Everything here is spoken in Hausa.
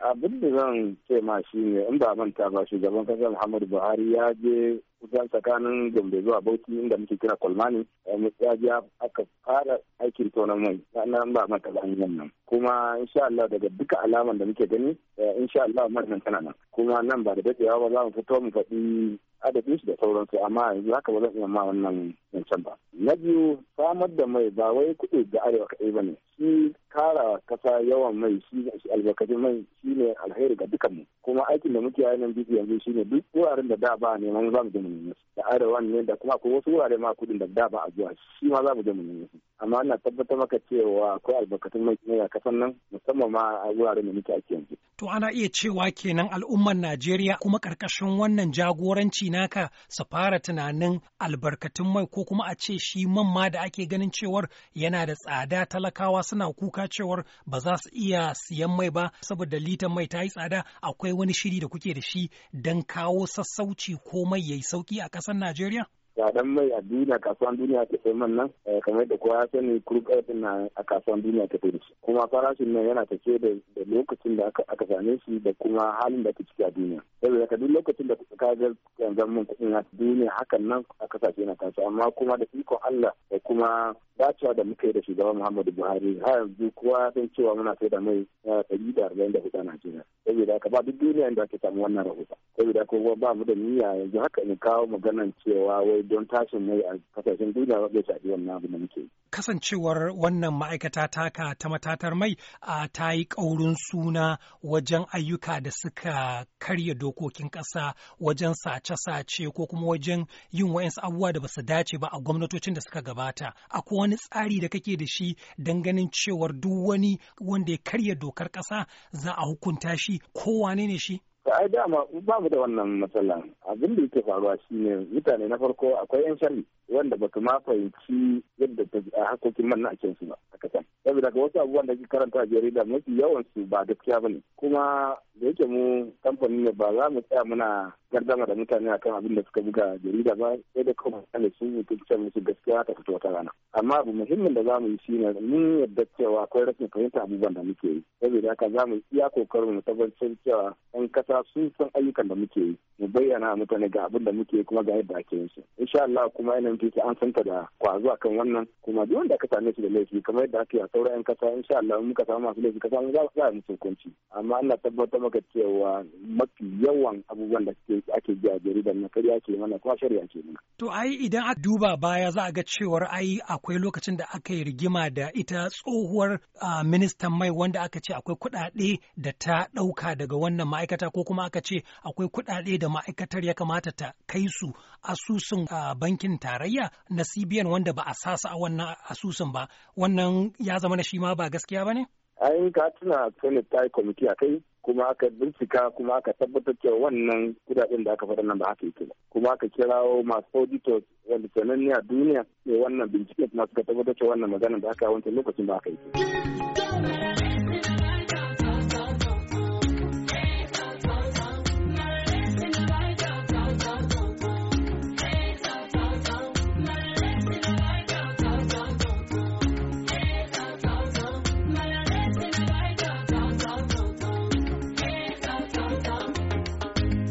abin da zan ce ma shi ne in ba manta ba shugaban kasa muhammadu buhari ya je kusan tsakanin gombe zuwa bauchi inda muke kira kolmani eh, ya ji aka fara aikin tonon mai sannan ba manta ba hanyar nan kuma insha Allah daga duka alaman da muke gani eh, insha Allah nan tana nan kuma nan ba da dadewa ba za mu fito mu faɗi adadin shi da sauransu amma yanzu haka ba zan iya ma wannan zancen ba na biyu samar da mai ba wai kuɗi da arewa kaɗai ba ne shi kara kasa yawan mai shi albarkacin mai shi ne alheri ga dukan mu kuma aikin da muke yayin biki yanzu shi ne duk wuraren da da ba neman za mu je mu nemi da arewa ne da kuma akwai wasu wurare ma kudin da da ba a zuwa shi ma za mu je mu nemi amma ina tabbatar maka cewa akwai albarkatun mai ne a kasan nan musamman ma a wuraren da muke ake yanzu. To ana iya cewa kenan al'ummar Najeriya kuma karkashin wannan jagoranci naka su fara tunanin albarkatun mai ko kuma a ce shi man ma da ake ganin cewar yana da tsada talakawa suna kuka cewar ba za su iya siyan mai ba saboda litan mai ta yi tsada akwai wani shiri da kuke da shi don kawo sassauci ko mai yayi sauki a ƙasar Najeriya? tsadan mai a duniya kasuwan duniya ta fi man nan eh, kamar da kowa ya sani crude oil na a kasuwan duniya ta fi shi kuma farashin nan yana tafiye da lokacin da aka same shi da kuma halin da ake ciki a duniya saboda ka duk lokacin da ka ga yanzan mun kuɗin a duniya hakan nan a kasashe na kansu amma kuma da ikon Allah da kuma dacewa da muka yi da shugaban Muhammadu Buhari har yanzu kowa ya san cewa muna sai da mai eh, ɗari da arba'in da hudu a Najeriya. saboda haka ba duk duniya da ake samu wannan rahoton saboda haka ba mu da niyya yanzu haka in kawo maganan cewa wai don tashin mai a kasashen duniya ba zai shafi wannan abu da muke kasancewar wannan ma'aikata taka ta matatar mai a ta yi ƙaurin suna wajen ayyuka da suka karya dokokin ƙasa wajen sace-sace ko kuma wajen yin wa'insu abubuwa da ba su dace ba a gwamnatocin da suka gabata akwai wani tsari da kake da shi don ganin cewar duk wani wanda ya karya dokar ƙasa za a hukunta shi shi ko wane ne shi ai dama babu da wannan matsalan abin da yake faruwa shine mutane na farko akwai yan sharri wanda ba ma fahimci yadda hakokin man na su ba a kasan saboda daga wasu abubuwan da ke karanta jarida mafi yawan su ba gaskiya ba ne kuma da yake mu kamfani ne ba za mu tsaya muna gardama da mutane kan abin da suka buga jarida ba sai da kuma mutane sun yi tuce musu gaskiya ta fito wata rana amma abu muhimmin da zamu yi shine mun yadda cewa akwai rashin fahimta abubuwan da muke yi saboda haka zamu yi iya kokarin mu tabbatar cewa yan kasa sun san ayyukan da muke yi mu bayyana mutane ga abin da muke yi kuma ga yadda ake yin su insha Allah kuma yana mutunci an santa da kwazo kan wannan kuma duk wanda aka same shi da laifi kamar yadda ake a sauran yan kasa insha Allah ka samu masu laifi kasa mu za mu musu hukunci amma Allah tabbatar maka cewa mafi yawan abubuwan da suke ake ji a jaridar na karya ke mana kuma shari'a ke mana. To ai idan aka duba baya za a ga cewar ai akwai lokacin da aka yi rigima da ita tsohuwar ministan mai wanda aka ce akwai kuɗaɗe da ta ɗauka daga wannan ma'aikata ko kuma aka ce akwai kuɗaɗe da ma'aikatar ya kamata ta kai su asusun bankin tarayya na CBN wanda ba a sasa a wannan asusun ba wannan ya zama na shi ma ba gaskiya ba ne? Ai ka tuna Senate ta Committee a kai kuma aka bincika kuma aka tabbatar cewa wannan kudaden da aka faɗa nan ba haka yake ba kuma aka kirawo masu auditors wanda duniya ne eh, wannan bincike kuma suka tabbatar cewa wannan magana da aka wancan lokacin ba haka yake